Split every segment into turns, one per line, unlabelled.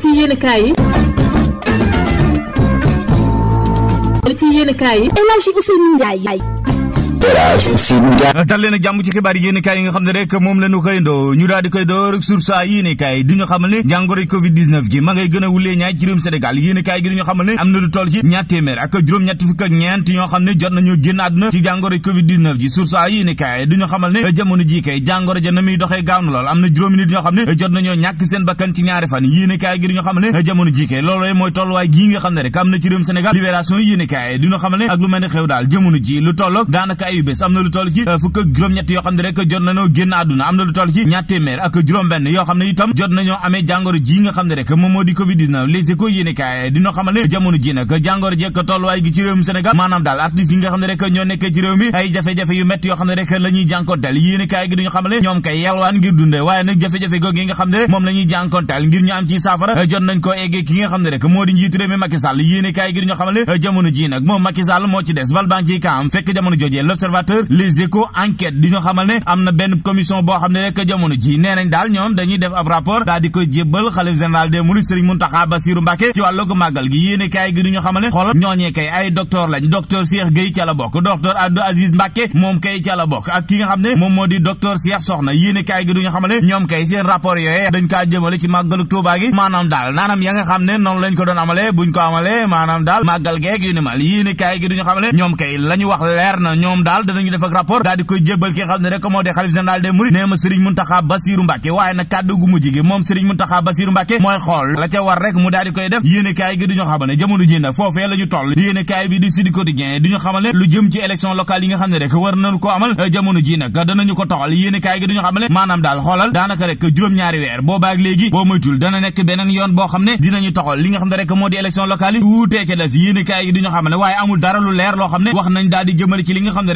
ci yéenekaay yi ci yéenekaay yi El Hadji Ousseynou Ndiaye Elhadji Ousseynou Ndiaye leen ak jàmm ci xibaar yi yi nga xam ne rek moom la ñu ñu daal door sur saa du ñu xamal ne jàngoro covid 19 a jàngoro ji ne muy doxee gaaw na lool am na juróomi nit ñoo xam ne jot nañoo ñàkk seen bakkan ci ñaari fan yéen du ñu xamal ne ak lu mel ne xew daal jamono ji lu tollook daanaka ayubés am na lu toll ci eh, fukk ak juróom-ñett yoo xam ne rek ak juróom-benn yoo xam ne itam jot nañoo amee jàngoro ji nag moom la moo ci des bal ci kaam fekk jamono jojee l'observateur les échos enquête di ñu xamal ne am na benn commission boo xam ne rek jamono ji nee daal ñoom dañuy def ab rapport daal di ko jébbal xalif général des mourides Serigne Mountakha Bassirou Mbacké ci wàllu màggal gi yéene gi du xamal ne xoolal ñooñee kay ay docteur lañ ca la bokk docteur Abdou Aziz Mbacké moom kay ca la bokk ak ki nga xam ne moom moo di docteur Cheikh Soxna yéene kaay gi du ñu xamal ne ñoom kay seen rapport yooyee dañ kaa jëmale ci màggalu daal danañu def ak rapport daal di koy jébbal ki nga xam ne rek moo di xalif général des mourides nee ma Serigne Mountakha Bassirou Mbacké waaye nag kàddu gu mujj gi moom Serigne Mountakha Bassirou Mbacké mooy xool la ca war rek mu daal di koy def yéene kaay gi duñu xamal lu jëm ci élection locale yi nga xam ne rek war nañu ko amal jamono ji nag danañu ko toxal yéene kaay gi duñu xamal maanaam daal xoolal daanaka rek juróom-ñaari weer boobaak léegi boo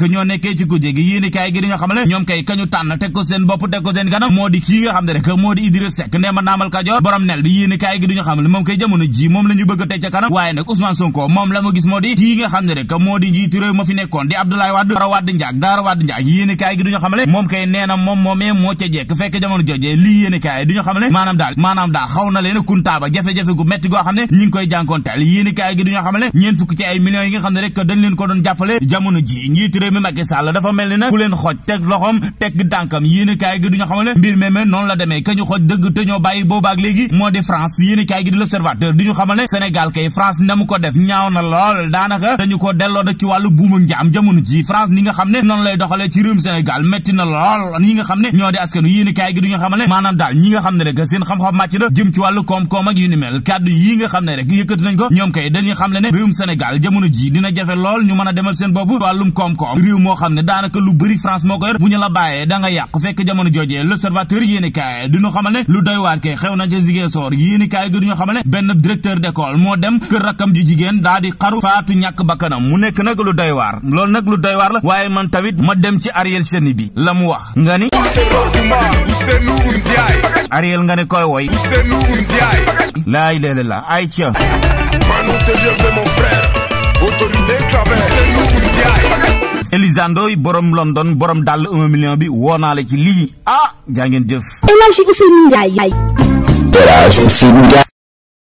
rek ñoo nekkee ci kujje gi yéenekaay gi di nga xam ne ñoom kay kañu tànn teg ko seen bopp teg ko seen kanam moo di kii nga xam ne rek moo di Idrissa Seck ndee ma naamal Kajoor borom nel bi yéenekaay gi du ñu xam ne moom kay jamono ji moom la ñu bëgg a teg ca kanam waaye nag Ousmane Sonko moom la mu gis moo di kii nga xam ne rek moo di njiitu réew ma fi nekkoon di Abdoulaye Wade Dara Wade Ndiack Dara Wade Ndiack yéenekaay gi du ñu xam ne moom kay nee na moom moomee moo ca jekk fekk jamono jojee lii yéenekaay yi du ñu xam ne maanaam daal maanaam daal xaw na leen kuntaaba jafe-jafe gu metti goo xam ne ñi ngi koy jànkoonteel yéenekaay gi du ñu xam ne ñeen fukk ci ay millions yi nga xam ne rek dañ leen ko doon jàppale jamono ji njiitu réew dafa mel ni nag leen xooj teg loxoom teg dànkam yéen gi du ñu mbir meme noonu la demee ka ñu dëgg te ñoo bàyyi boobaak léegi moo di France yéen gi di l'Observateur ne Sénégal kay gi du ñu ne maanaam daal ñi nga xam ne rek seen xam-xam màcc na jëm ci wàllu koom-koom ak yu ni mel kàddu yi nga xam ne rek yëkkati nañ ko ñoom kay dañuy xam ne ne réewum Sénégal jamono ji dina jafe lool ñu mën a demal seen bopp wàllum koom-koom am moo xam ne daanaka lu bëri France moo ko yor ñu la bàyyee da nga yàq fekk jamono joojee l'observateur yéen i kaay duñu xamal ne lu doy waar kay xew na ca Ziguinchor yéen i kaay gi duñu xamal ne benn directeur d'école moo dem kër rakkam ju jigéen daa di xaru faatu ñàkk bakkanam mu nekk nag lu doy waar loolu nag lu doy waar la waaye man tamit ma dem ci Ariel Cheny bi la mu wax nga ni Ariel nga ne koy woy laay léele la ay ca Elisandoy borom London borom dàll un million bi woo naa la ci lii ah jaa ngeen jëf. El Hadji Ousseynou Ndiaye.